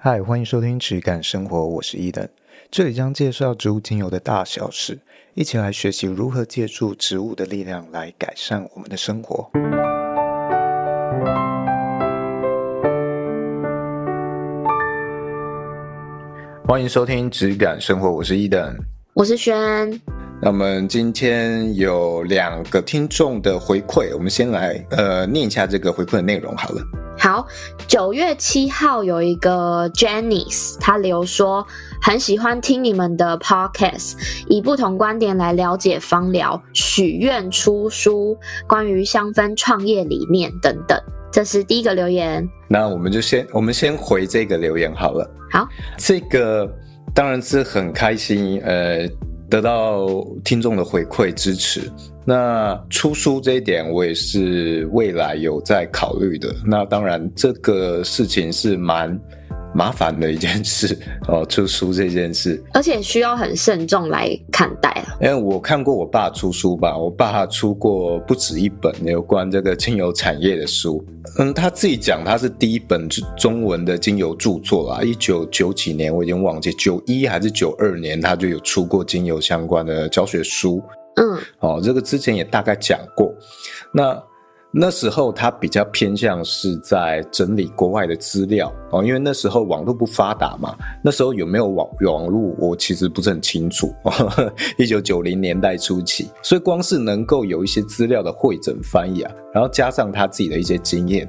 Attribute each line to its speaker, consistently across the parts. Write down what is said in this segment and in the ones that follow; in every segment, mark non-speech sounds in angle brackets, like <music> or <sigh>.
Speaker 1: 嗨，Hi, 歡迎收聽《質感生活》，我是伊登。這裡將介紹植物精油的大小事，一起來學習如何借助植物的力量來改善我們的生活。歡迎收聽《質感生活》，我是伊登，我是軒。那我們今天有兩個聽眾的回饋，我們先來呃念一下這個回饋的內容好了。
Speaker 2: 好，九月七號有一個 Jenny，她留說很喜歡聽你們的 Podcast，以不同觀點來了解芳療、許願出書、關於香氛創業理念等等。這是第一個留言。
Speaker 1: 那我們就先，我們先回這個留言好了。好，這個當然是很開心，呃，得到聽眾的回饋支持。那出書這一點，我也是未來有在考慮的。那當然，這個事情是蠻麻煩的一件事哦，出書這件事，
Speaker 2: 而且需要很慎重來看待啊。
Speaker 1: 因為我看過我爸出書吧，我爸他出過不止一本有關這個精油產業的書。嗯，他自己講他是第一本中中文的精油著作啦。一九九幾年，我已經忘記九一還是九二年，他就有出過精油相關的教學書。嗯，哦，這個之前也大概講過，那那時候他比較偏向是在整理國外的資料哦，因為那時候網絡不發達嘛，那時候有沒有網網絡，我其實不是很清楚。一九九零年代初期，所以光是能夠有一些資料的彙整翻譯啊，然後加上他自己的一些經驗，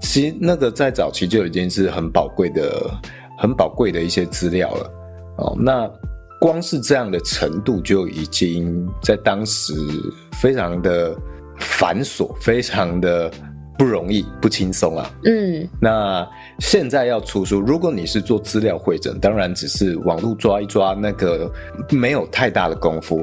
Speaker 1: 其實那個在早期就已經是很寶貴的、很寶貴的一些資料了哦。那。光是這樣的程度就已經在當時非常的繁瑣，非常的不容易、不輕鬆啊。嗯，那現在要出書，如果你是做資料匯整，當然只是網絡抓一抓，那個沒有太大的功夫。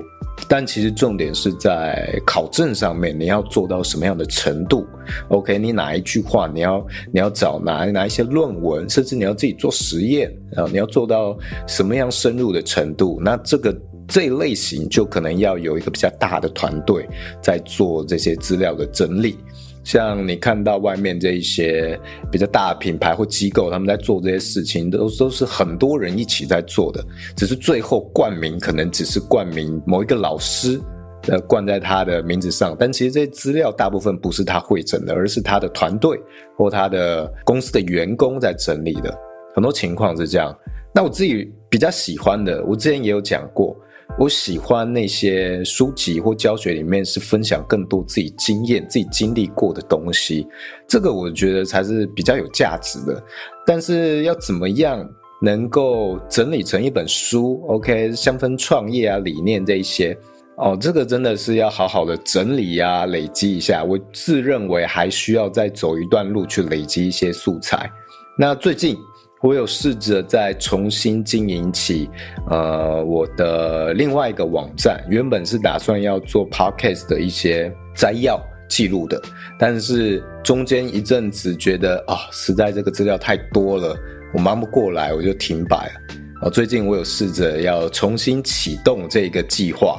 Speaker 1: 但其實重點是在考證上面，你要做到什麼樣的程度？OK，你哪一句話，你要你要找哪哪一些論文，甚至你要自己做實驗啊，你要做到什麼樣深入的程度？那這個這一類型就可能要有一個比較大的團隊在做這些資料的整理。像你看到外面這一些比較大的品牌或機構，他們在做這些事情，都都是很多人一起在做的，只是最後冠名可能只是冠名某一個老師，呃，冠在他的名字上，但其實這些資料大部分不是他會整的，而是他的團隊或他的公司的員工在整理的，很多情況是這樣。那我自己比較喜歡的，我之前也有講過。我喜歡那些書籍或教學裡面是分享更多自己經驗、自己經歷過的東西，這個我覺得才是比較有價值的。但是要怎麼樣能夠整理成一本書？OK，香氛創業啊，理念這一些哦，這個真的是要好好的整理呀、啊，累積一下。我自認為還需要再走一段路去累積一些素材。那最近。我有試着再重新經營起，呃，我的另外一個網站，原本是打算要做 Podcast 的一些摘要記錄的，但是中間一陣子覺得啊，實在這個資料太多了，我忙不過來，我就停擺了。啊，最近我有試着要重新啟動這個計劃，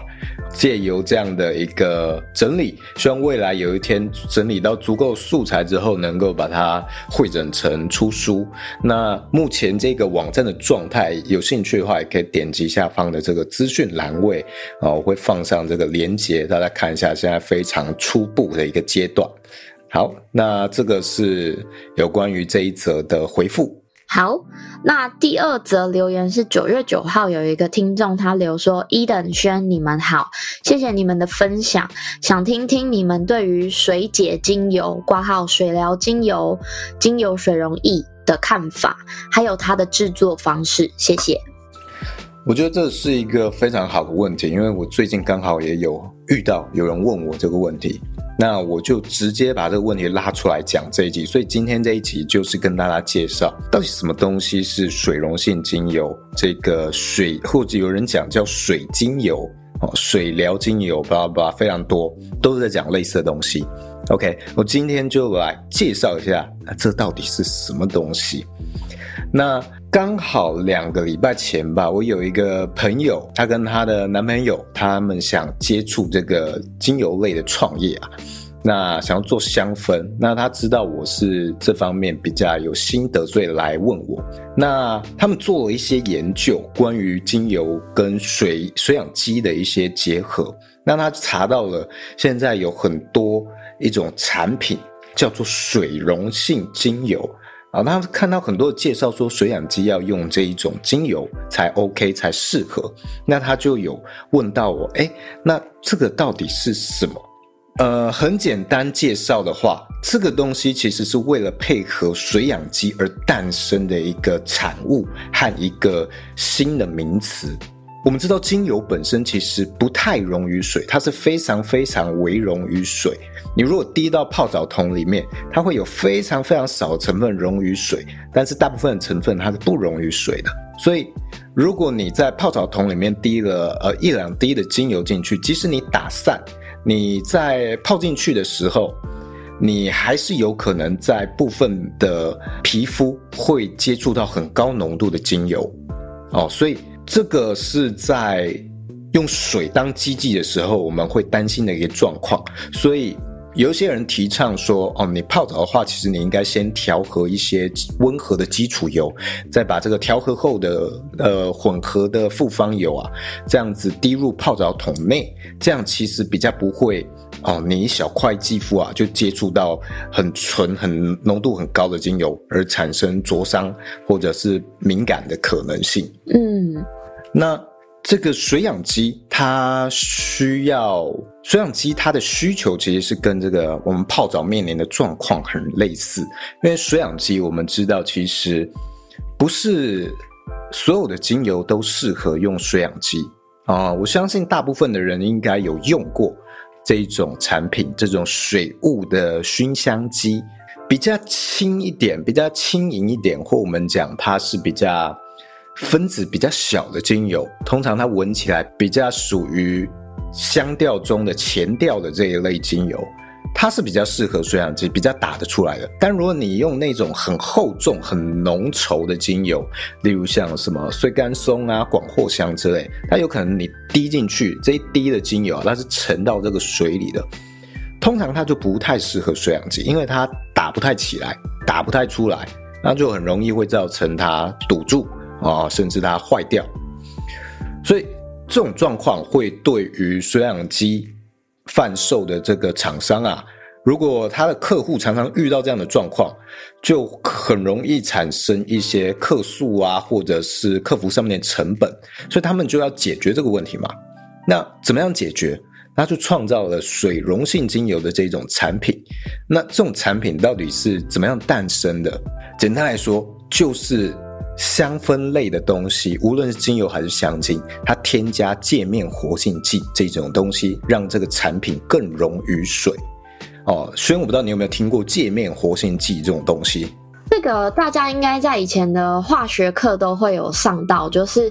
Speaker 1: 借由這樣的一個整理，希望未來有一天整理到足夠素材之後，能夠把它匯整成出書。那目前這個網站的狀態，有興趣的話也可以點擊下方的這個資訊欄位啊，我會放上這個連結，大家看一下現在非常初步的一個階段。好，那這個是有關於這一則的回復。
Speaker 2: 好，那第二則留言是九月九號有一個聽眾他留說：Eden、軒，你們好，謝謝你們的分享，想聽聽你們對於水解精油、掛號水療精油、精油水溶液的看法，還有它的製作方式。謝謝。
Speaker 1: 我覺得這是一個非常好的問題，因為我最近剛好也有遇到有人問我這個問題。那我就直接把這個問題拉出來講這一集，所以今天這一集就是跟大家介紹到底什麼東西是水溶性精油，這個水或者有人講叫水精油、水療精油，巴拉巴拉非常多，都是在講類似的東西。OK，我今天就來介紹一下，那這到底是什麼東西？那。剛好兩個禮拜前吧，我有一個朋友，她跟她的男朋友，他們想接觸這個精油類的創業啊，那想要做香氛，那他知道我是這方面比較有心得，所以來問我。那他們做了一些研究，關於精油跟水水氧機的一些結合，那他查到了現在有很多一種產品叫做水溶性精油。啊，他看到很多的介紹說水氧機，要用這一種精油才 OK 才適合，那他就有問到我，哎，那這個到底是什麼？呃，很簡單介紹的話，這個東西其實是為了配合水氧機而誕生的一個產物和一個新的名詞。我們知道，精油本身其實不太溶於水，它是非常非常微溶於水。你如果滴到泡澡桶裡面，它會有非常非常少的成分溶於水，但是大部分的成分它是不溶於水的。所以，如果你在泡澡桶裡面滴了，呃，一兩滴的精油進去，即使你打散，你在泡進去的時候，你還是有可能在部分的皮膚會接觸到很高濃度的精油。哦，所以。這個是在用水當基劑的時候，我們會擔心的一個狀況。所以有一些人提倡說，哦，你泡澡的話，其實你應該先調和一些溫和的基礎油，再把這個調和後的呃混合的複方油啊，這樣子滴入泡澡桶內，這樣其實比較不會哦，你一小塊肌膚啊就接觸到很純、很濃度很高的精油而產生灼傷或者是敏感的可能性。嗯。那這個水氧機，它需要水氧機，它的需求其實是跟這個我們泡澡面臨的狀況很類似。因為水氧機，我們知道其實不是所有的精油都適合用水氧機啊、呃。我相信大部分的人應該有用過這一種產品，這種水霧的熏香機，比較輕一點，比較輕盈一點，或我們講它是比較。分子比較小的精油，通常它聞起來，比較屬於香調中的前調的這一類精油，它是比較適合水氧機比較打得出來的。但如果你用那種很厚重、很濃稠的精油，例如像什麼穗甘松啊、廣藿香之類，它有可能你滴進去這一滴的精油啊，它是沉到這個水裡的，通常它就不太適合水氧機，因為它打不太起來，打不太出來，那就很容易會造成它堵住。啊、哦，甚至它壞掉，所以這種狀況會對於水氧機販售的這個廠商啊，如果他的客戶常常遇到這樣的狀況，就很容易產生一些客訴啊，或者是客服上面的成本，所以他們就要解決這個問題嘛。那怎麼樣解決？那就創造了水溶性精油的這種產品。那這種產品到底是怎麼樣誕生的？簡單來說，就是。香氛類的東西，無論是精油還是香精，它添加界面活性劑這種東西，讓這個產品更溶於水。哦，雖然我不知道你有沒有聽過界面活性劑這種東西。
Speaker 2: 這個大家應該在以前的化學課都會有上到，就是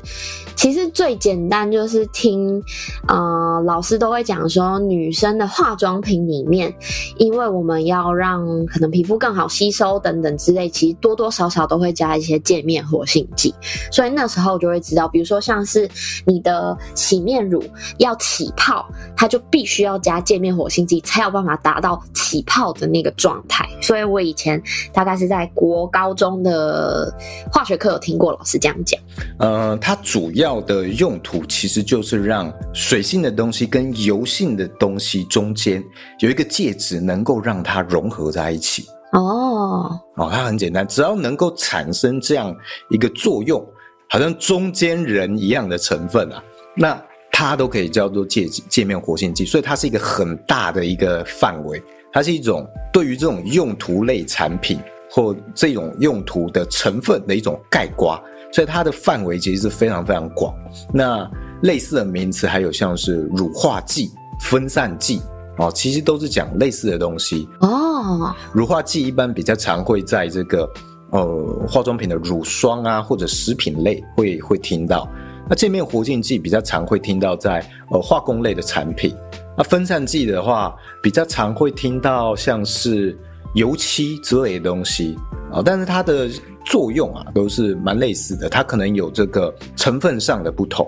Speaker 2: 其實最簡單就是聽，呃，老師都會講說，女生的化妝品裡面，因為我們要讓可能皮膚更好吸收等等之類，其實多多少少都會加一些界面活性劑，所以那時候就會知道，比如說像是你的洗面乳要起泡，它就必須要加界面活性劑才有辦法達到起泡的那個狀態，所以我以前大概是在。我高中的化學課有
Speaker 1: 聽過老師這樣講，呃，它主要的用途其實就是讓水性的東西跟油性的東西中間有一個介質，能夠讓它融合在一起。
Speaker 2: 哦，
Speaker 1: 哦，它很簡單，只要能夠產生這樣一個作用，好像中間人一樣的成分啊，那它都可以叫做介界面活性劑。所以它是一個很大的一個範圍，它是一種對於這種用途類產品。或這種用途的成分的一種概括，所以它的範圍其實是非常非常廣。那類似的名詞還有像是乳化劑、分散劑哦，其實都是講類似的東西
Speaker 2: 哦。
Speaker 1: 乳化劑一般比較常會在這個呃化妝品的乳霜啊，或者食品類會會聽到。那界面活性劑比較常會聽到在呃化工類的產品。那分散劑的話，比較常會聽到像是。油漆之類的東西啊，但是它的作用啊都是蠻類似的，它可能有這個成分上的不同，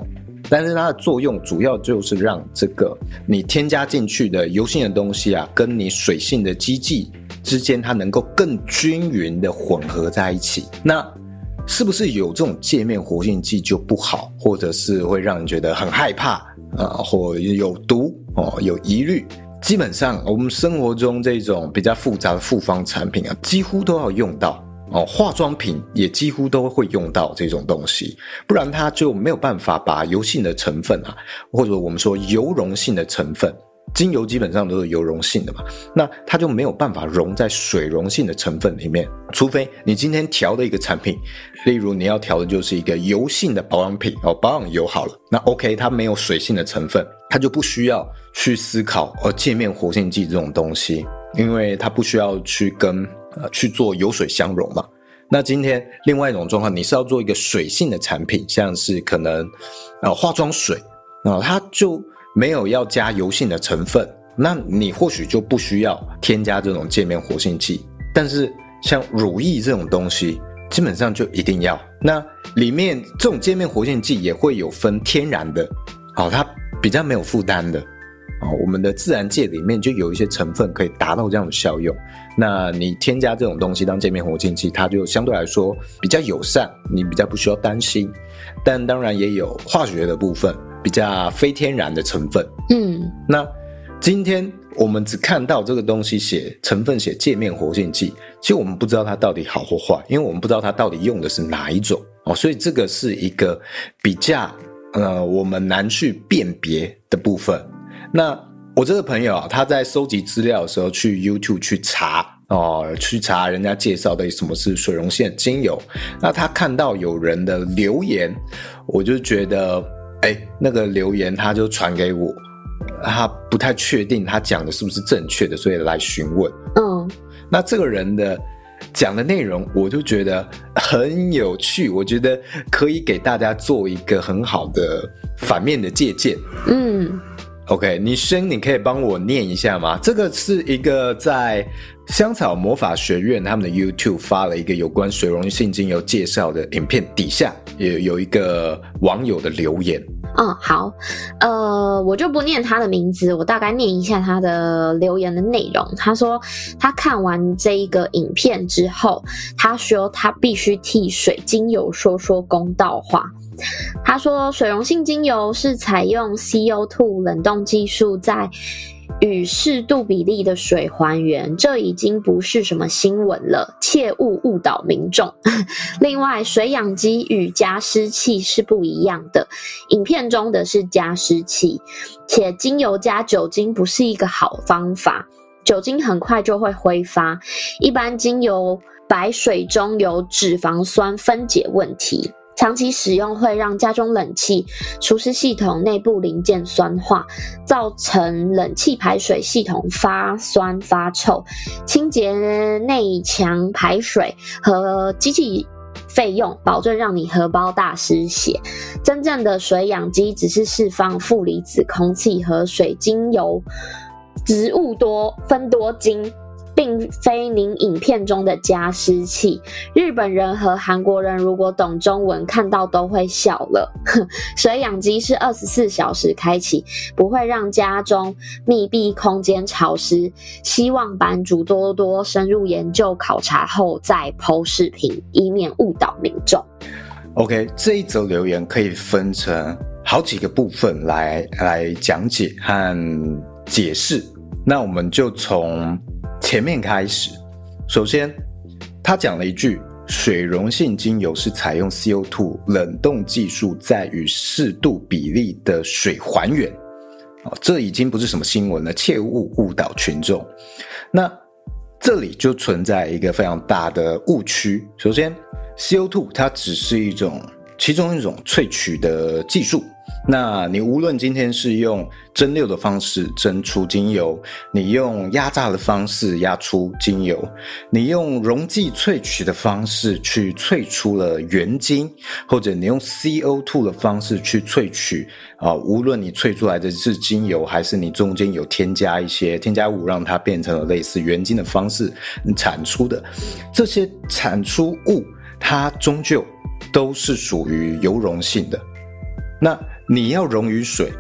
Speaker 1: 但是它的作用主要就是讓這個你添加進去的油性的東西啊，跟你水性的基劑之間，它能夠更均勻的混合在一起。那是不是有這種界面活性劑就不好，或者是會讓你覺得很害怕啊，或有毒哦，有疑慮？基本上，我們生活中這種比較複雜的複方產品啊，幾乎都要用到哦。化妝品也幾乎都會用到這種東西，不然它就沒有辦法把油性的成分啊，或者我們說油溶性的成分。精油基本上都是油溶性的嘛，那它就沒有辦法溶在水溶性的成分裡面。除非你今天調的一個產品，例如你要調的就是一個油性的保養品哦，保養油好了，那 OK，它沒有水性的成分，它就不需要去思考呃界面活性劑這種東西，因為它不需要去跟呃去做油水相融嘛。那今天另外一種狀況，你是要做一個水性的產品，像是可能呃化妝水啊，呃，它就。沒有要加油性的成分，那你或許就不需要添加這種界面活性劑。但是像乳液這種東西，基本上就一定要。那裡面這種界面活性劑也會有分天然的，好、哦，它比較沒有負擔的，啊、哦，我們的自然界裡面就有一些成分可以達到這樣的效用。那你添加這種東西當界面活性劑，它就相對來說比較友善，你比較不需要擔心。但當然也有化學的部分。比較非天然的成分，嗯，那今天我們只看到這個東西寫成分寫界面活性劑，其實我們不知道它到底好或壞，因為我們不知道它到底用的是哪一種哦，所以這個是一個比較呃我們難去辨別的部分。那我這個朋友啊，他在收集資料的時候去 YouTube 去查哦、呃，去查人家介紹的什麼是水溶性精油，那他看到有人的留言，我就覺得。哎，那個留言他就傳給我，他不太確定他講的是不是正確的，所以來詢問。嗯，那這個人的講的內容，我就覺得很有趣，我覺得可以給大家做一個很好的反面的借鑒。嗯。OK，你先，你可以幫我念一下嗎？這個是一個在香草魔法學院他們的 YouTube 發了一個有關水溶性精油介紹的影片，底下有有一個網友的留言。
Speaker 2: 嗯，好，呃，我就不念他的名字，我大概念一下他的留言的內容。他說他看完這一個影片之後，他說他必須替水精油說說公道話。他說：“水溶性精油是採用 CO2 冷凍技術，在與適度比例的水還原，這已經不是什麼新聞了，切勿誤導民眾。 <laughs> 另外，水氧機與加濕器是不一樣的。影片中的是加濕器，且精油加酒精不是一個好方法，酒精很快就會揮發。一般精油白水中有脂肪酸分解問題。”長期使用會讓家中冷氣除濕系統內部零件酸化，造成冷氣排水系統發酸發臭，清潔內牆排水和機器費用，保證讓你荷包大失血。真正的水氧機只是釋放負離子空氣和水精油植物多分多精。並非您影片中的加濕器。日本人和韓國人如果懂中文，看到都會笑了。水氧機是二十四小時開啟，不會讓家中密閉空間潮濕。希望版主多多
Speaker 1: 深入研究
Speaker 2: 考察後再 PO 視頻，以免誤導民眾。
Speaker 1: OK，這一則留言可以分成好幾個部分來來講解和解釋。那我們就從。前面開始，首先他講了一句：“水溶性精油是採用 CO2 冷凍技術，在與適度比例的水還原。”哦，這已經不是什麼新聞了，切勿誤導群眾。那這裡就存在一個非常大的誤區。首先，CO2 它只是一種其中一種萃取的技術。那你無論今天是用蒸餾的方式蒸出精油，你用壓榨的方式壓出精油，你用溶劑萃取的方式去萃出了原精，或者你用 CO2 的方式去萃取，啊，無論你萃出來的是精油，還是你中間有添加一些添加物讓它變成了類似原精的方式產出的，這些產出物它終究都是屬於油溶性的。那你要溶於水，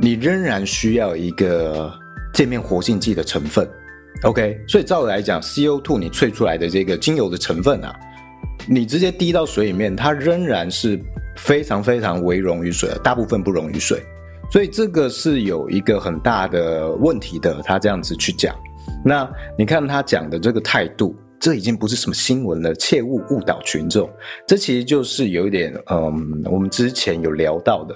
Speaker 1: 你仍然需要一個界面活性劑的成分。OK，所以照理來講，CO2 你萃出來的這個精油的成分啊，你直接滴到水裡面，它仍然是非常非常微溶於水，大部分不溶於水。所以這個是有一個很大的問題的。他這樣子去講，那你看他講的這個態度。這已經不是什麼新聞了，切勿誤導群眾。這其實就是有一點，嗯，我們之前有聊到的。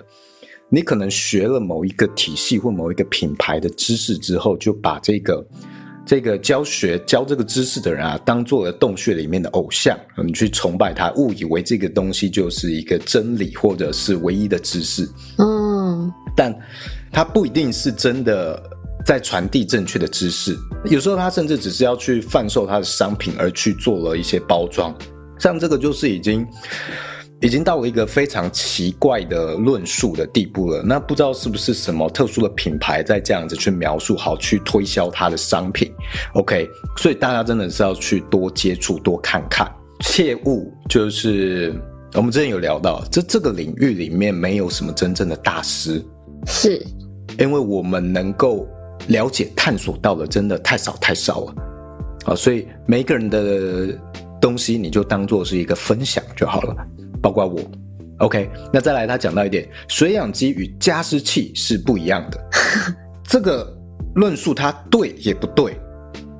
Speaker 1: 你可能學了某一個體系或某一個品牌的知識之後，就把這個這個教學教這個知識的人啊，當做了洞穴裡面的偶像，你，嗯，去崇拜他，誤以為這個東西就是一個真理或者是唯一的知識。嗯，但他不一定是真的。在傳遞正確的知識，有時候他甚至只是要去販售他的商品，而去做了一些包裝。像這個就是已經，已經到了一個非常奇怪的論述的地步了。那不知道是不是什麼特殊的品牌在這樣子去描述好，好去推銷他的商品。OK，所以大家真的是要去多接觸、多看看，切勿就是我們之前有聊到，在這，這個領域裡面沒有什麼真正的大師，是因為我們能夠。了解探索到的真的太少太少了，啊，所以每一個人的東西你就當做是一個分享就好了，包括我，OK。那再來，他講到一點，水氧機與加濕器是不一樣的， <laughs> 這個論述它對也不對，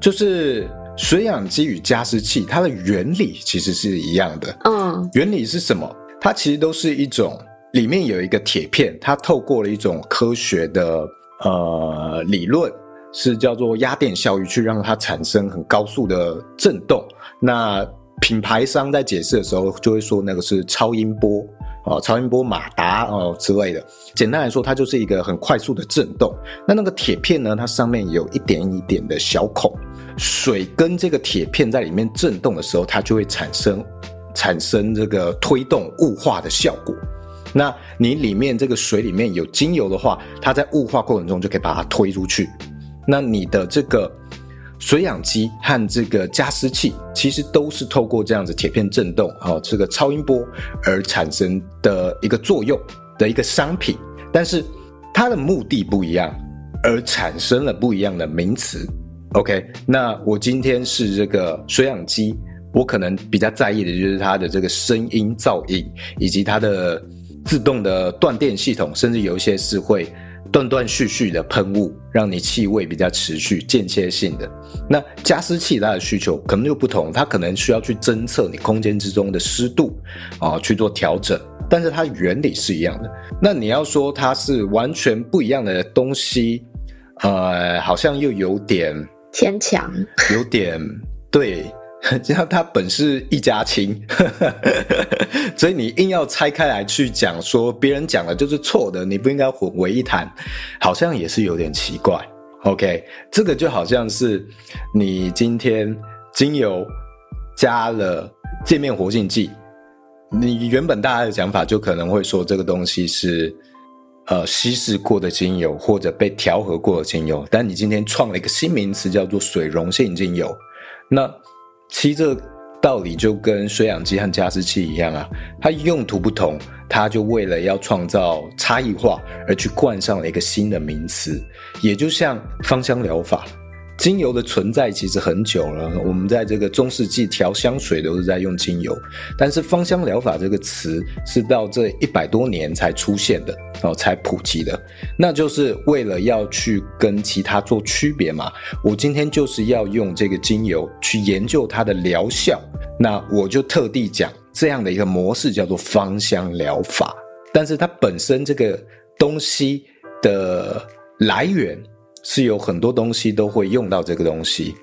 Speaker 1: 就是水氧機與加濕器它的原理其實是一樣的，嗯，原理是什麼？它其實都是一種裡面有一個鐵片，它透過了一種科學的。呃，理論是叫做壓電效應，去讓它產生很高速的震動。那品牌商在解釋的時候，就會說那個是超音波，哦，超音波馬達哦之類的。簡單來說，它就是一個很快速的震動。那那個鐵片呢，它上面有一點一點的小孔，水跟這個鐵片在裡面震動的時候，它就會產生產生這個推動霧化的效果。那你裡面這個水裡面有精油的話，它在霧化過程中就可以把它推出去。那你的這個水氧機和這個加濕器，其實都是透過這樣子鐵片震動啊、哦，這個超音波而產生的一個作用的一個商品，但是它的目的不一樣，而產生了不一樣的名詞。OK，那我今天是這個水氧機，我可能比較在意的就是它的這個聲音噪音以及它的自動的斷電系統，甚至有一些是會斷斷續續的噴霧，讓你氣味比較持續，間歇性的。那加濕器它的需求可能又不同，它可能需要去偵測你空間之中的濕度啊、呃，去做調整。但是它原理是一樣的。那你要說它是完全不一樣的東西，呃，好像又有點
Speaker 2: 牽強，
Speaker 1: 有點對。就像他本是一家親， <laughs> 所以你硬要拆開來去講，說別人講的就是錯的，你不應該混為一談，好像也是有點奇怪。OK，這個就好像是你今天精油加了界面活性劑，你原本大家的想法就可能會說這個東西是呃稀釋過的精油或者被調和過的精油，但你今天創了一個新名詞叫做水溶性精油，那，其實這道理就跟水氧機和加濕器一樣啊，它用途不同，它就為了要創造差異化而去冠上了一個新的名詞，也就像芳香療法。精油的存在其實很久了，我們在這個中世紀調香水都是在用精油，但是“芳香療法”這個詞是到這一百多年才出現的哦，才普及的。那就是為了要去跟其他做區別嘛。我今天就是要用這個精油去研究它的療效，那我就特地講這樣的一個模式叫做芳香療法，但是它本身這個東西的來源。是有很多東西都會用到這個東西，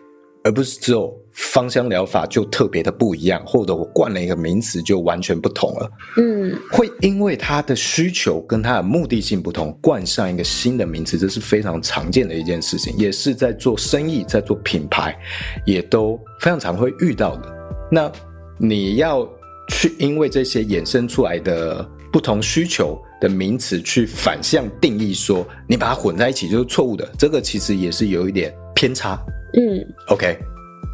Speaker 1: 而不是只有芳香療法就特別的不一樣，或者我冠了一個名詞就完全不同了。嗯，會因為它的需求跟它的目的性不同，冠上一個新的名詞，這是非常常見的一件事情，也是在做生意、在做品牌，也都非常常會遇到的。那你要去因為這些衍生出來的不同需求。的名詞去反向定義說，說你把它混在一起就是錯誤的，這個其實也是有一點偏差。嗯，OK，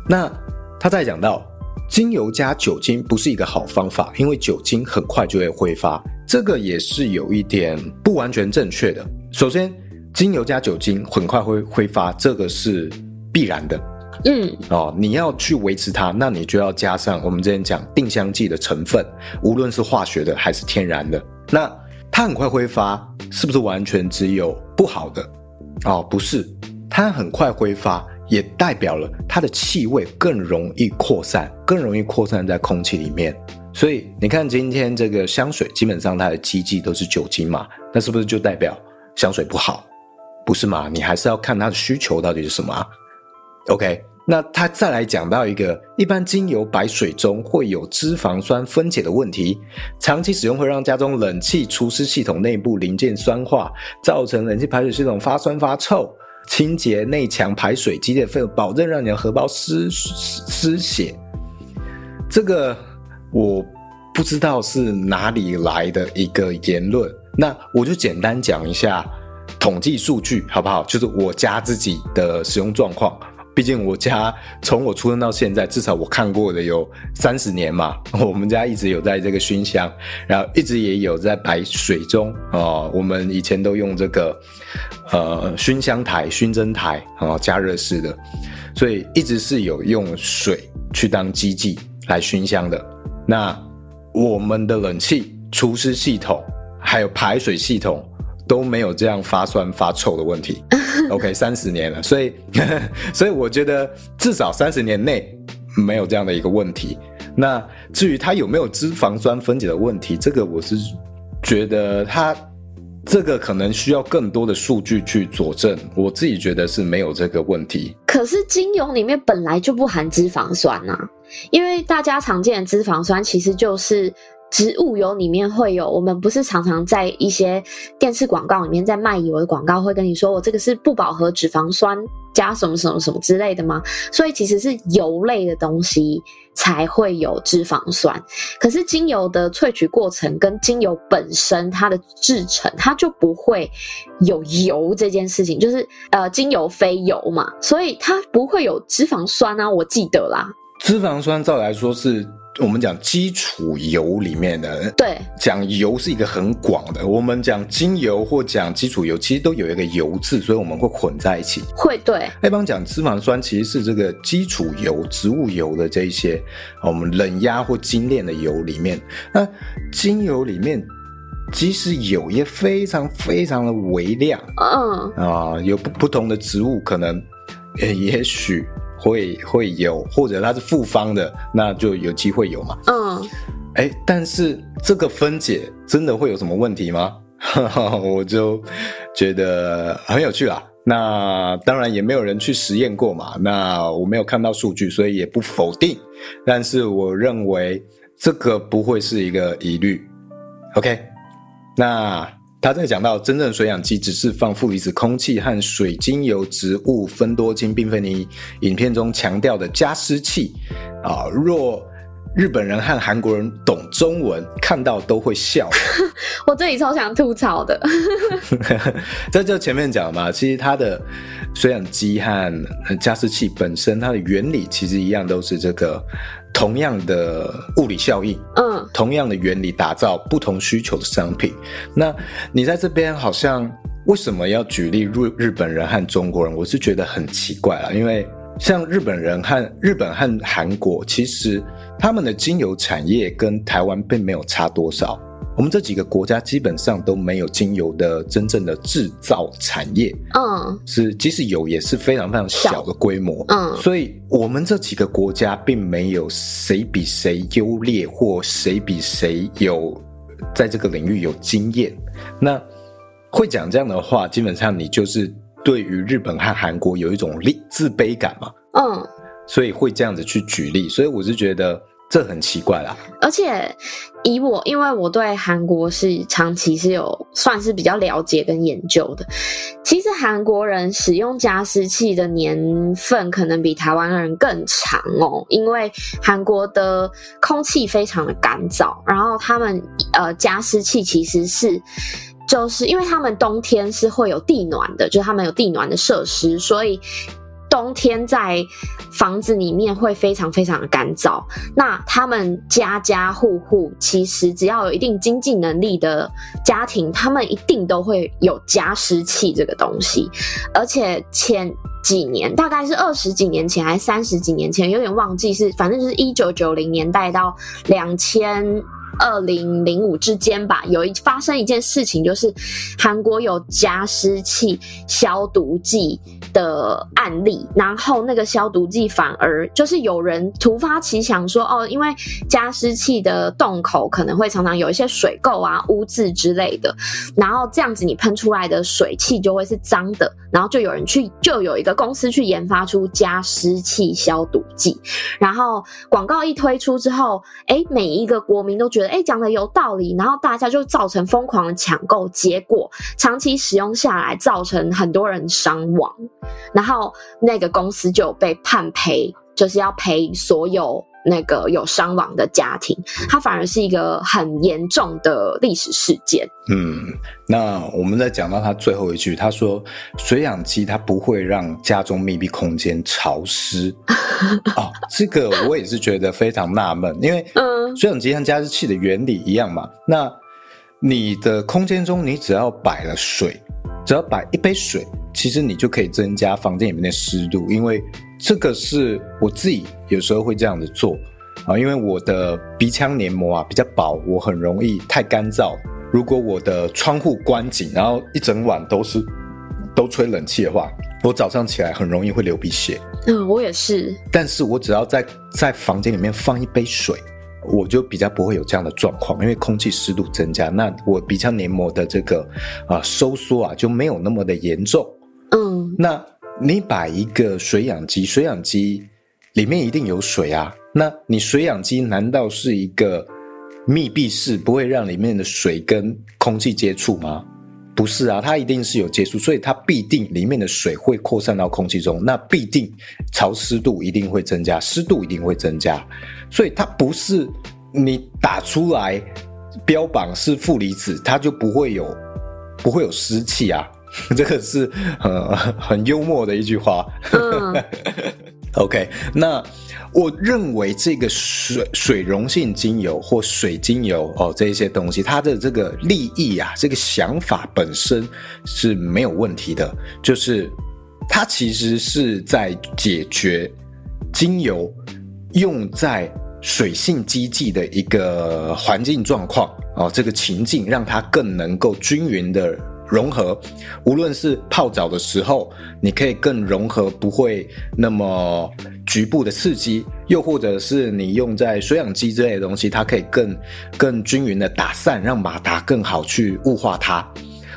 Speaker 1: 那他在講到精油加酒精不是一個好方法，因為酒精很快就會揮發，這個也是有一點不完全正確的。首先，精油加酒精很快會揮發，這個是必然的。嗯，哦，你要去維持它，那你就要加上我們之前講定香劑的成分，無論是化學的還是天然的，那。它很快揮發，是不是完全只有不好的？哦，不是，它很快揮發，也代表了它的氣味更容易擴散，更容易擴散在空氣裡面。所以你看，今天這個香水基本上它的基劑都是酒精嘛，那是不是就代表香水不好？不是嘛，你還是要看它的需求到底是什麼啊。OK。那他再來講到一個，一般精油白水中會有脂肪酸分解的問題，長期使用會讓家中冷氣除濕系統內部零件酸化，造成冷氣排水系統發酸發臭，清潔內牆排水機的費用，保證讓你的荷包失失血。這個我不知道是哪裡來的一個言論，那我就簡單講一下統計數據好不好？就是我家自己的使用狀況。畢竟我家從我出生到現在，至少我看過的有三十年嘛。我們家一直有在這個熏香，然後一直也有在擺水中啊、哦。我們以前都用這個呃熏香台、熏蒸台啊、哦，加熱式的，所以一直是有用水去當基劑來熏香的。那我們的冷氣除濕系統，還有排水系統，都沒有這樣發酸發臭的問題 <laughs> ，OK，三十年了，所以 <laughs> 所以我覺得至少三十年內沒有這樣的一個問題。那至於它有沒有脂肪酸分解的問題，這個我是覺得它這個可能需要更多的數據去佐證。我自己覺得是沒有這個問題。
Speaker 2: 可是精油裡面本來就不含脂肪酸啊，因為大家常見的脂肪酸其實就是。植物油裡面會有，我們不是常常在一些電視廣告裡面，在賣油的廣告會跟你說，我這個是不飽和脂肪酸加什麼什麼什麼之類的嗎？所以其實是油類的東西才會有脂肪酸，可是精油的萃取過程跟精油本身它的製程，它就不會有油這件事情，就是呃，精油非油嘛，所以它不會有脂肪酸啊，我記得啦，
Speaker 1: 脂肪酸照來說是。我們講基礎油裡面的，對，講油是一個很廣的。我們講精油或講基礎油，其實都有一個“油”字，所以我們會混在一起。
Speaker 2: 會對。
Speaker 1: 那幫講脂肪酸，其實是這個基礎油、植物油的這一些，我們冷壓或精煉的油裡面。那精油裡面，即使有也非常非常的微量。嗯。啊、呃，有不不同的植物，可能也，也許。會會有，或者它是複方的，那就有機會有嘛。嗯，
Speaker 2: 哎，
Speaker 1: 但是這個分解真的會有什麼問題嗎？ <laughs> 我就覺得很有趣啦。那當然也沒有人去實驗過嘛。那我沒有看到數據，所以也不否定。但是我認為這個不會是一個疑慮。OK，那。他在講到真正的水氧機只是放負離子空氣和水精油植物芬多精，並非你影片中強調的加濕器。啊，若日本人和韓國人懂中文，看到都會笑。
Speaker 2: <laughs> 我這裡超想吐槽的，
Speaker 1: <laughs> <laughs> 這就前面講嘛，其實它的水氧機和加濕器本身，它的原理其實一樣，都是這個。同樣的物理效應，嗯，同樣的原理，打造不同需求的商品。那你在這邊好像為什麼要舉例日日本人和中國人？我是覺得很奇怪啊，因為像日本人和日本和韓國，其實他們的精油產業跟台灣並沒有差多少。我們這幾個國家基本上都沒有精油的真正的制造產業，嗯，是即使有也是非常非常小的規模，嗯，所以我們這幾個國家並沒有誰比誰優劣或誰比誰有在這個領域有經驗。那會講這樣的話，基本上你就是對於日本和韓國有一種劣自卑感嘛，嗯，所以會這樣子去舉例，所以我是覺得。這很奇怪啦！
Speaker 2: 而且以我，因為我對韓國是長期是有算是比較了解跟研究的。其實韓國人使用加濕器的年份可能比台灣人更長哦，因為韓國的空氣非常的乾燥，然後他們呃加濕器其實是就是因為他們冬天是會有地暖的，就他們有地暖的設施，所以。冬天在房子裡面會非常非常的乾燥，那他們家家戶戶其實只要有一定經濟能力的家庭，他們一定都會有加濕器這個東西，而且前幾年大概是二十幾年前還是三十幾年前，有點忘記是，反正就是一九九零年代到兩千。二零零五之間吧，有一發生一件事情，就是韓國有加濕器消毒劑的案例，然後那個消毒劑反而就是有人突發奇想說，哦，因為加濕器的洞口可能會常常有一些水垢啊、污漬之類的，然後這樣子你噴出來的水汽就會是髒的，然後就有人去，就有一個公司去研發出加濕器消毒劑，然後廣告一推出之後，哎、欸，每一個國民都覺得。哎，講的有道理，然後大家就造成瘋狂的搶購，結果長期使用下來，造成很多人傷亡，然後那個公司就被判賠，就是要賠所有。那個有傷亡的家庭，它，反而是一個很嚴重的歷史事件。
Speaker 1: 嗯，那我們再講到他最後一句，他說水氧機它不會讓家中密閉空間潮濕。 <laughs> 哦，這個我也是覺得非常納悶，因為嗯，水氧機和加濕器的原理一樣嘛。嗯、那你的空間中，你只要擺了水，只要擺一杯水，其實你就可以增加房間裡面的濕度，因為。這個是我自己有時候會這樣子做啊，因為我的鼻腔黏膜啊比較薄，我很容易太乾燥。如果我的窗戶關緊，然後一整晚都是都吹冷氣的話，我早上起來很容易會流鼻血。嗯，我也是。但是我只要在在房間裡面放一杯水，我就比較不會有這樣的狀況，因為空氣濕度增加，那我鼻腔黏膜的這個啊收縮啊就沒有那麼的嚴重。嗯，那。你把一個水氧機，水氧機裡面一定有水啊。那你水氧機難道是一個密閉式，不會讓裡面的水跟空氣接觸嗎？不是啊，它一定是有接觸，所以它必定裡面的水會擴散到空氣中，那必定潮濕度一定會增加，濕度一定會增加。所以它不是你打出來標榜是負離子，它就不會有不會有濕氣啊。這個是很很幽默的一句話，嗯。 <laughs> OK，那我認為這個水水溶性精油或水精油哦這一些東西，它的這個立意啊，這個想法本身是沒有問題的。就是它其實是在解決精油用在水性基劑的一個環境狀況哦，這個情境讓它更能夠均勻的。融合，無論是泡澡的時候，你可以更融合，不會那麼局部的刺激，又或者是你用在水氧機之類的東西，它可以更更均勻的打散，讓馬達更好去霧化它。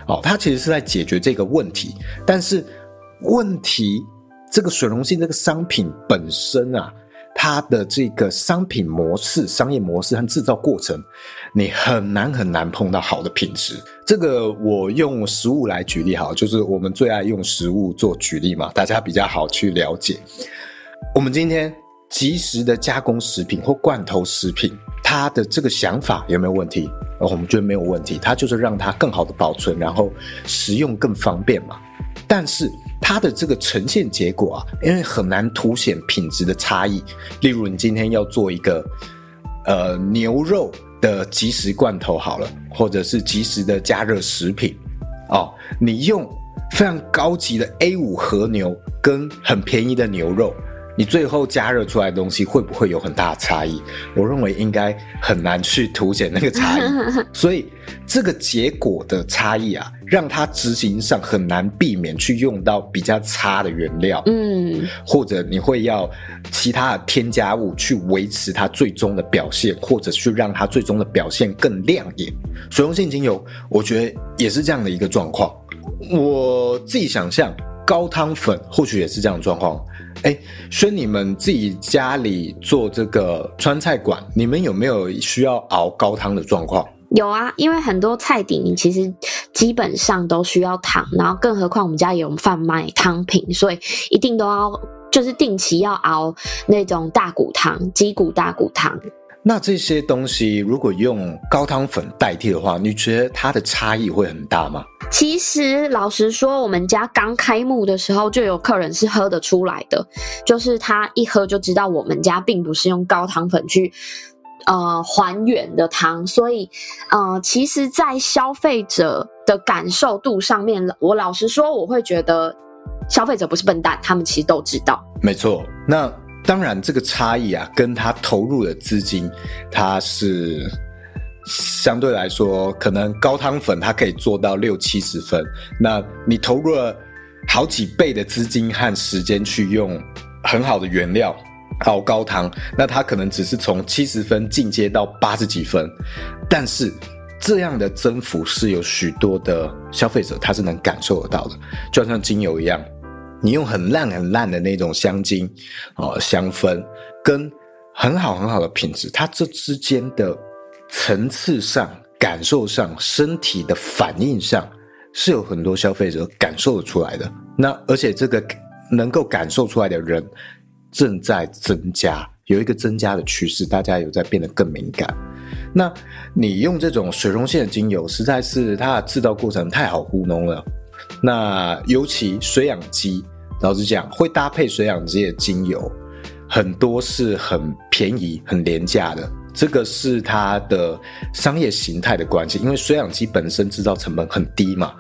Speaker 1: 哦，它其實是在解決這個問題，但是問題這個水溶性這個商品本身啊。它的這個商品模式、商業模式和制造過程，你很難很難碰到好的品質。這個我用食物來舉例，好，就是我們最愛用食物做舉例嘛，大家比較好去了解。我們今天及時的加工食品或罐頭食品，它的這個想法有沒有問題？我們覺得沒有問題，它就是讓它更好的保存，然後食用更方便嘛。但是。它的這個呈現結果啊，因為很難凸顯品質的差異。例如，你今天要做一個呃牛肉的即食罐頭好了，或者是即食的加熱食品哦，你用非常高級的 A5 和牛跟很便宜的牛肉，你最後加熱出來的東西會不會有很大的差異？我認為應該很難去凸顯那個差異。所以這個結果的差異啊。讓它執行上很難避免去用到比較差的原料，嗯，或者你會要其他的添加物去維持它最終的表現，或者去讓它最終的表現更亮眼。水溶性精油，我覺得也是這樣的一個狀況。我自己想象高湯粉或許也是這樣的狀況。哎、欸，所以你們自己家裡做這個川菜館，你們有沒有需要熬高湯的狀況？
Speaker 2: 有啊，因為很多菜底其實基本上都需要湯，然後更何況我們家也有販賣湯品，所以一定都要就是定期要熬那種大
Speaker 1: 骨湯、雞骨大骨湯。那這些東西如果用高湯粉代替的話，你覺得它的差異會很大嗎？
Speaker 2: 其實老實說，我們家剛開幕的時候就有客人是喝得出來的，就是他一喝就知道我們家並不是用高湯粉去。呃，還原的湯，所以，呃，其實，在消費者的感受度上面，我老實說，我會覺得消費者不是笨蛋，他們其實都知道。
Speaker 1: 沒錯，那當然，這個差異啊，跟他投入的資金，它是相對來說，可能高湯粉它可以做到六七十分，那你投入了好幾倍的資金和時間去用很好的原料。熬高湯，那他可能只是從七十分進階到八十幾分，但是這樣的增幅是有許多的消費者他是能感受得到的。就像精油一樣，你用很爛很爛的那種香精哦、呃、香氛，跟很好很好的品質，它這之間的層次上、感受上、身體的反應上，是有很多消費者感受得出來的。那而且這個能夠感受出來的人，正在增加，有一個增加的趨勢，大家有在變得更敏感。那你用這種水溶性的精油，實在是它的製造過程太好糊弄了。那尤其水氧機，老實講，會搭配水氧機的精油，很多是很便宜、很廉價的。這個是它的商業形態的關係，因為水氧機本身製造成本很低嘛。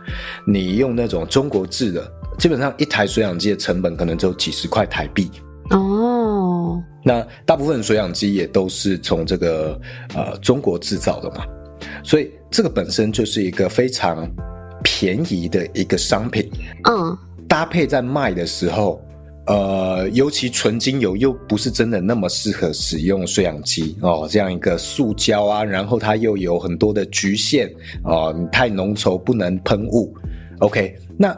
Speaker 1: 你用那種中國製的，基本上一台水氧機的成本可能只有幾十塊台幣。哦，oh. 那大部分水氧機也都是從這個呃中國制造的嘛，所以這個本身就是一個非常便宜的一個商品。嗯，oh. 搭配在賣的時候，呃，尤其純精油又不是真的那麼適合使用水氧機哦，這樣一個塑膠啊，然後它又有很多的局限哦、呃，你太濃稠不能噴霧。OK，那。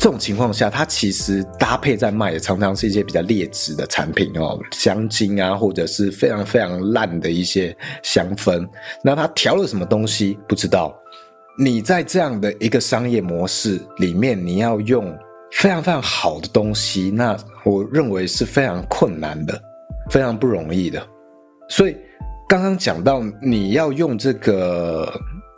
Speaker 1: 這種情況下，它其實搭配在賣也常常是一些比較劣質的產品哦，香精啊，或者是非常非常爛的一些香氛。那它調了什麼東西？不知道。你在這樣的一個商業模式裡面，你要用非常非常好的東西，那我認為是非常困難的，非常不容易的。所以剛剛講到，你要用這個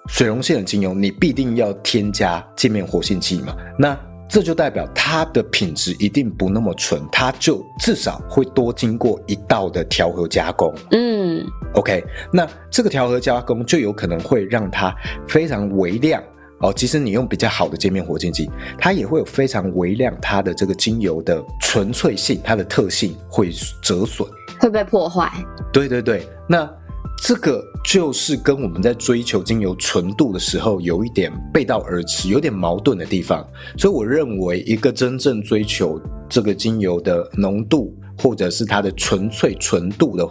Speaker 1: 水溶性的精油，你必定要添加界面活性劑嘛。那這就代表它的品質一定不那麼純，它就至少會多經過一道的調和加工。嗯，OK，那這個調和加工就有可能會讓它非常微量哦。即使你用比較好的界面活性劑，它也會有非常微量，它的這個精油的純粹性、它的特性會折損，會
Speaker 2: 被破壞、嗯。
Speaker 1: 對對對，那。這個就是跟我們在追求精油純度的時候有一點背道而馳，有點矛盾的地方。所以我認為，一個真正追求這個精油的濃度或者是它的純粹純度的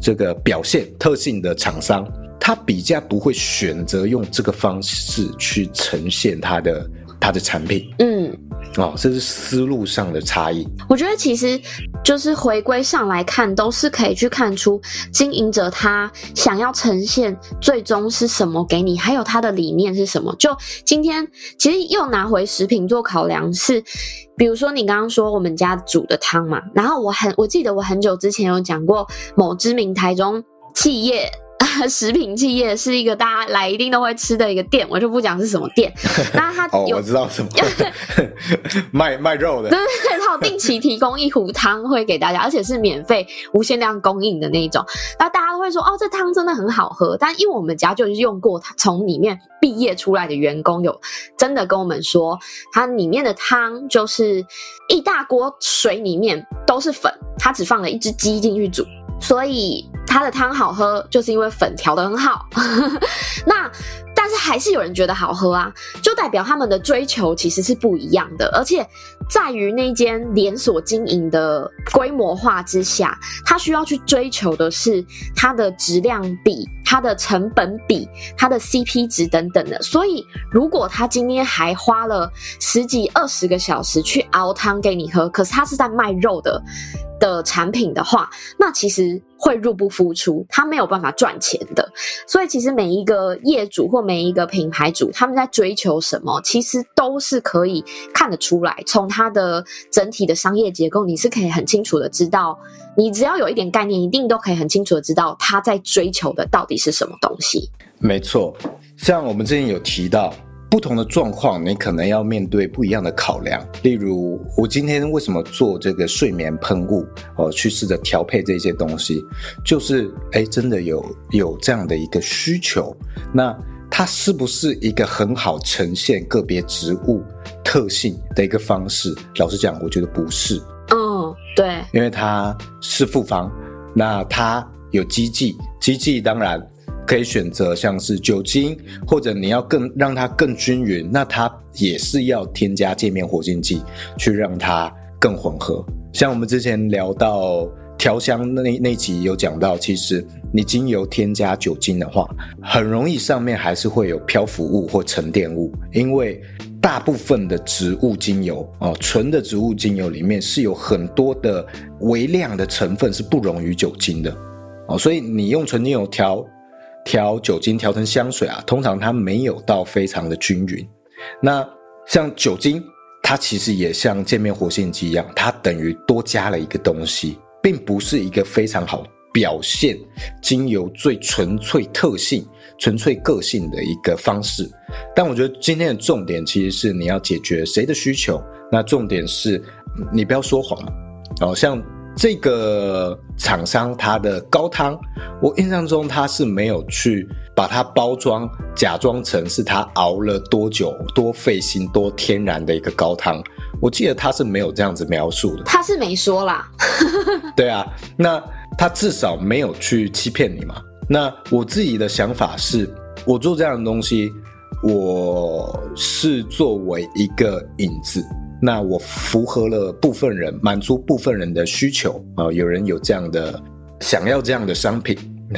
Speaker 1: 這個表現特性的廠商，他比較不會選擇用這個方式去呈現它的。他的產品，嗯，哦，這是思路上的差異。
Speaker 2: 我覺得其實就是回歸上來看，都是可以去看出經營者他想要呈現最終是什麼給你，還有他的理念是什麼。就今天其實又拿回食品做考量是，是比如說你剛剛說我們家煮的湯嘛，然後我很，我記得我很久之前有講過某知名台中企業。啊，食品企業是一個大家來一定都會吃的一個店，我就不講是什麼店。
Speaker 1: 那它有 <laughs> 哦，我知道什麼 <laughs> 賣賣肉的。對對
Speaker 2: 對，然後定期提供一壺湯會給大家，而且是免費、無限量供應的那一種。那大家都會說，哦，這湯真的很好喝。但因為我們家就是用過，它從裡面畢業出來的員工有真的跟我們說，它裡面的湯就是一大鍋水裡面都是粉，它只放了一隻雞進去煮。所以它的湯好喝，就是因為粉調得很好。 <laughs> 那但是還是有人覺得好喝啊，就代表他們的追求其實是不一樣的。而且在於那間連鎖經營的規模化之下，他需要去追求的是它的質量比、它的成本比、它的 CP 值等等的。所以如果他今天還花了十幾二十個小時去熬湯給你喝，可是他是在賣肉的。的產品的話，那其實會入不敷出，他沒有辦法賺錢的。所以其實每一個業主或每一個品牌主，他們在追求什麼，其實都是可以看得出來。從他的整體的商業結構，你是可以很清楚的知道，你只要有一點概念，一定都可以很清楚的知道他在追求的到底是什麼東西。
Speaker 1: 沒錯，像我們之前有提到。不同的狀況，你可能要面對不一樣的考量。例如，我今天為什麼做這個睡眠噴霧，哦，去試着調配這些東西，就是，誒，欸，真的有，有這樣的一個需求。那它是不是一個很好呈現個別植物特性的一個方式？老實講，我覺得不是。
Speaker 2: 嗯，對，
Speaker 1: 因為它是複方，那它有基劑，基劑當然。可以選擇像是酒精，或者你要更讓它更均勻，那它也是要添加界面活性劑去讓它更混合。像我們之前聊到調香那那集有講到，其實你精油添加酒精的話，很容易上面還是會有漂浮物或沉澱物，因為大部分的植物精油哦，純的植物精油裡面是有很多的微量的成分是不溶於酒精的哦，所以你用純精油調。調酒精調成香水啊，通常它沒有到非常的均勻。那像酒精，它其實也像界面活性劑一樣，它等於多加了一個東西，並不是一個非常好表現精油最純粹特性、純粹個性的一個方式。但我覺得今天的重點其實是你要解決誰的需求。那重點是，你不要說謊嘛。哦，像。這個廠商，它的高湯，我印象中它是沒有去把它包裝、假裝成是它熬了多久、多費心、多天然的一個高湯。我記得它是沒有這樣子描述的。
Speaker 2: 他是沒說啦。
Speaker 1: <laughs> 對啊，那他至少沒有去欺騙你嘛。那我自己的想法是，我做這樣的東西，我是作為一個引子。那我符合了部分人，滿足部分人的需求啊、呃！有人有這樣的想要這樣的商品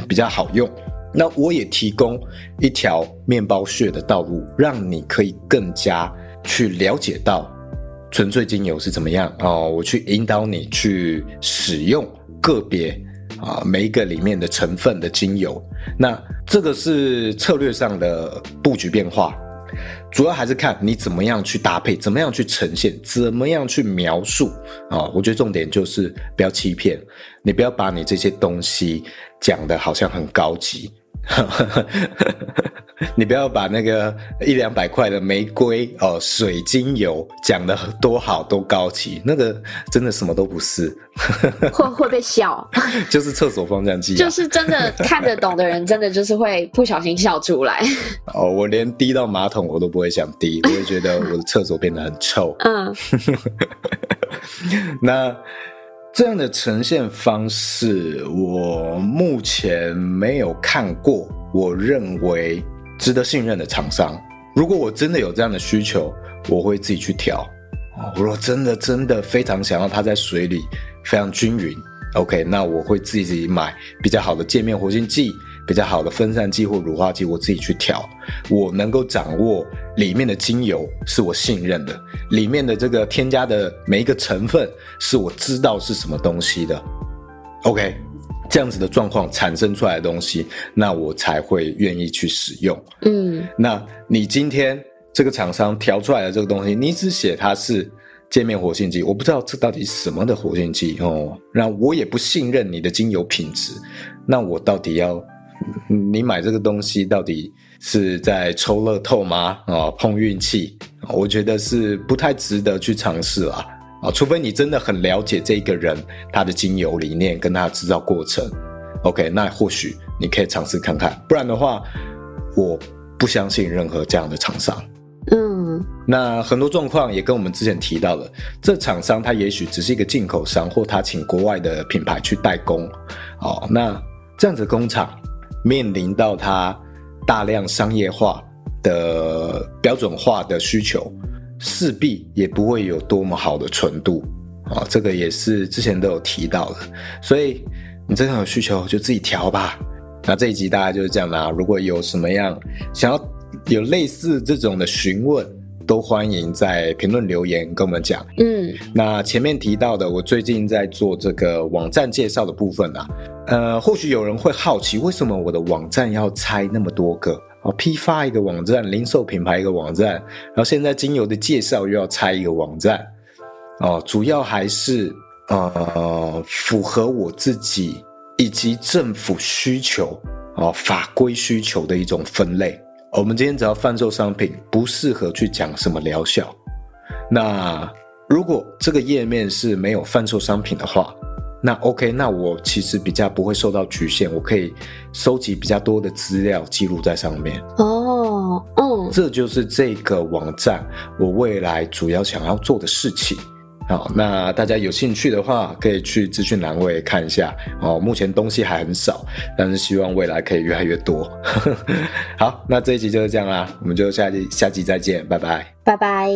Speaker 1: 比較好用，那我也提供一條麵包屑的道路，讓你可以更加去了解到純粹精油是怎麼樣哦、呃，我去引導你去使用個別啊、呃、每一個裡面的成分的精油，那這個是策略上的布局變化。主要還是看你怎麼樣去搭配，怎麼樣去呈現，怎麼樣去描述啊，哦，我覺得重點就是不要欺騙，你不要把你這些東西講得好像很高級。 <laughs> 你不要把那個一兩百塊的玫瑰哦，水精油講得多好多高級，那個真的什麼都不是。會 <laughs> 會被笑，就是廁所芳香劑，就是真的看得
Speaker 2: 懂的人，真的就是會不小心笑出來。
Speaker 1: <laughs> 哦，我連滴到馬桶我都不會想滴， <laughs> 我會覺得我的廁所變得很臭。 <laughs> 嗯， <laughs> 那。這樣的呈現方式，我目前沒有看過。我認為值得信任的廠商，如果我真的有這樣的需求，我會自己去調。啊，如果真的真的非常想要它在水裡非常均勻，OK，那我會自己，自己買比較好的界面活性劑。比較好的分散劑或乳化劑，我自己去調，我能夠掌握裡面的精油是我信任的，裡面的這個添加的每一個成分是我知道是什麼東西的。OK，這樣子的狀況産生出來的東西，那我才會願意去使用。嗯，那你今天這個廠商調出來的這個東西，你只寫它是界面活性劑，我不知道這到底是什麼的活性劑哦。那我也不信任你的精油品質，那我到底要你買這個東西到底是在抽樂透嗎？啊、哦，碰運氣？我覺得是不太值得去嘗試啊！啊，除非你真的很了解這個人他的精油理念跟他的製造過程。OK，那或許你可以嘗試看看，不然的話，我不相信任何這樣的廠商。嗯，那很多狀況也跟我們之前提到的，這廠商他也許只是一個進口商，或他請國外的品牌去代工。哦，那這樣子的工廠。面臨到它大量商業化、的標準化的需求，勢必也不會有多麼好的純度啊！這個也是之前都有提到的，所以你真的有需求就自己調吧。那這一集大概就是這樣啦、啊。如果有什麼樣想要有類似這種的詢問，都歡迎在評論留言跟我們講。嗯，那前面提到的，我最近在做這個網站介紹的部分啊，呃，或許有人會好奇，為什麼我的網站要拆那麼多個啊、哦？批發一個網站，零售品牌一個網站，然後現在精油的介紹又要拆一個網站啊、哦？主要還是呃，符合我自己以及政府需求啊、哦，法規需求的一種分類。我們今天只要販售商品，不適合去講什麼療效。那如果這個頁面是沒有販售商品的話，那 OK，那我其實比較不會受到局限，我可以收集比較多的資料，記錄在上面。哦，嗯，這就是這個網站我未來主要想要做的事情。好，那大家有興趣的話，可以去資訊欄位看一下哦。目前東西還很少，但是希望未來可以越來越多。 <laughs> 好，那這一集就是這樣啦，我們就下集下集再見，拜拜，
Speaker 2: 拜拜。